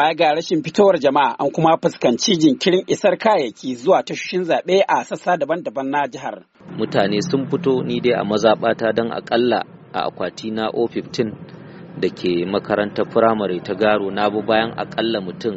Baya ga rashin fitowar jama'a an kuma fuskanci jinkirin isar kayayyaki zuwa tashoshin zaɓe a sassa daban-daban na jihar. Mutane sun fito ni dai a mazaɓata don akalla a akwati na O15 da ke makarantar firamare ta garo na bu bayan akalla mutum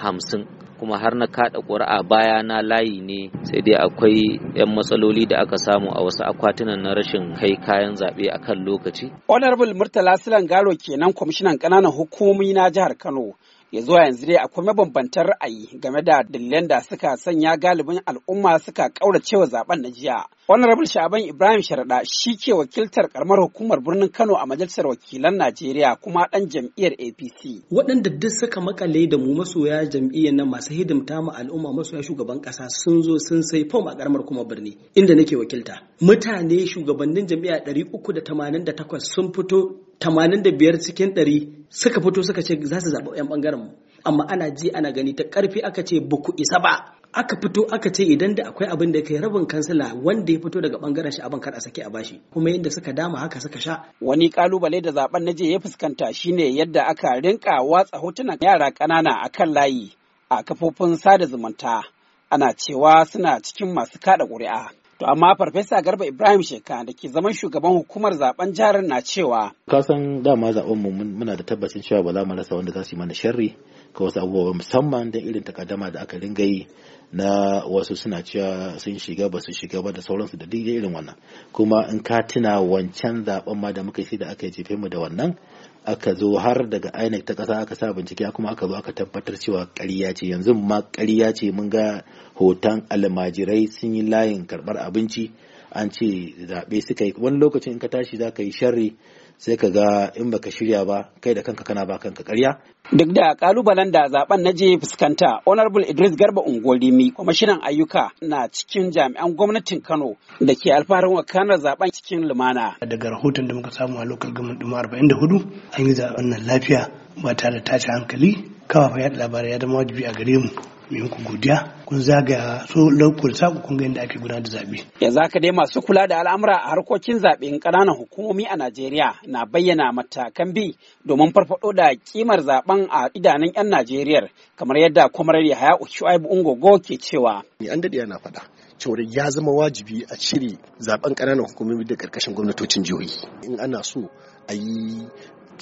hamsin kuma har na kaɗa ƙuri'a baya na layi ne sai dai akwai 'yan matsaloli da aka samu a wasu akwatunan na rashin kai kayan zaɓe a kan lokaci. honorable murtala silan garo kenan kwamishinan ƙananan hukumomi na jihar kano ya zuwa yanzu dai akwai mabambantan ra'ayi game da dalilan da suka sanya galibin al'umma suka ƙauracewa zaben na jiya honorable shaban ibrahim sharaɗa shi ke wakiltar karamar hukumar birnin kano a majalisar wakilan najeriya kuma ɗan jam'iyyar apc waɗanda duk suka makale da mu masoya jam'iyyar nan masu hidimta ma al'umma masoya shugaban ƙasa sun zo sun sai fom a karamar kuma birni inda nake wakilta mutane shugabannin ɗari da 388 sun fito 85 cikin 100 suka fito suka ce za su zaɓi 'yan ɓangaren mu amma ana ji ana gani ta ƙarfi aka ce ba ku isa ba aka fito aka ce idan da akwai abin da kai rabin kansila wanda ya fito daga bangaren shi abin kada sake a bashi kuma yadda suka dama haka suka sha wani kalubale da zaben na je ya fuskanta shine yadda aka rinka watsa hotunan yara ƙanana kan layi a kafofin sada zumunta ana cewa suna cikin masu kada ƙuri'a To amma Farfesa Garba Ibrahim Sheka da ke zaman shugaban hukumar zaben jihar na cewa. Ka san dama zaben mu muna da tabbacin cewa ba za mu rasa wanda za su yi mana sharri ka wasu abubuwa musamman da irin takaddama da aka ringa yi na wasu suna cewa sun shiga ba su shiga ba da sauransu da duk irin wannan kuma in ka tuna wancan zaben ma da muka yi da aka jefe mu da wannan aka zo har daga INEC ta ƙasa aka sa bincike kuma aka zo aka tabbatar cewa ƙarya ce yanzu ma ƙarya ce mun ga hoton almajirai sun yi layin karɓar abinci an ce zaɓe suka yi wani lokacin in ka tashi za ka yi sharri sai ka ga in baka shirya ba kai da kanka kana ba kanka karya. Duk da kalubalen da zaben na je fuskanta, Honorable Idris Garba Ungolimi, kwamishinan ayyuka na cikin jami'an gwamnatin Kano da ke alfaharin wakanar zaben cikin lumana. Daga rahoton da muka samu a lokal gama ɗuma arba'in da hudu, an yi zaben nan lafiya ba tare da tashi hankali, kafafen yaɗa labarai ya zama wajibi a gare mu mai muku godiya kun zagaya so lokacin saku kun ga yadda ake gudanar da zaɓe. Yanzu haka dai masu kula da al'amura a harkokin zaɓen ƙananan hukumomi a Najeriya na bayyana matakan bi domin farfaɗo da kimar zaɓen a idanun 'yan Najeriya kamar yadda kwamarar Yahaya Ushuaibu Ungogo ke cewa. Ni an daɗe yana faɗa. cewar ya zama wajibi a cire zaɓen ƙananan hukumomi da ƙarƙashin gwamnatocin jihohi in ana so a yi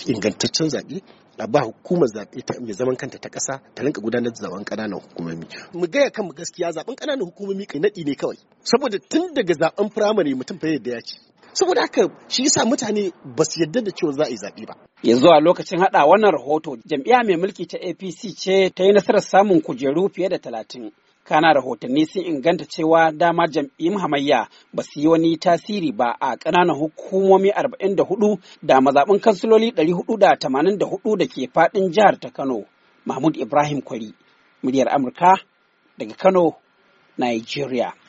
ingantaccen zaɓe a ba hukumar zaɓe mai zaman kanta ta ƙasa ta rinka gudanar da zaben ƙananan hukumomi mu gaya kan mu gaskiya zaɓen ƙananan hukumomi kai naɗi ne kawai saboda tun daga zaɓen firamare mutum fa yadda ya ce saboda haka shi yasa mutane ba su yarda da cewa za a yi zaɓe ba. Yanzu a lokacin haɗa wannan rahoto jam'iya mai mulki ta APC ce ta yi nasarar samun kujeru fiye da talatin. kana rahotanni sun inganta cewa dama jam'iyyun hamayya ba su yi wani tasiri ba a ƙananan hukumomi 44 da mazaɓin kansiloli 484 da ke faɗin jihar ta Kano. Mahmud Ibrahim Kwari, muryar Amurka daga Kano, Nigeria.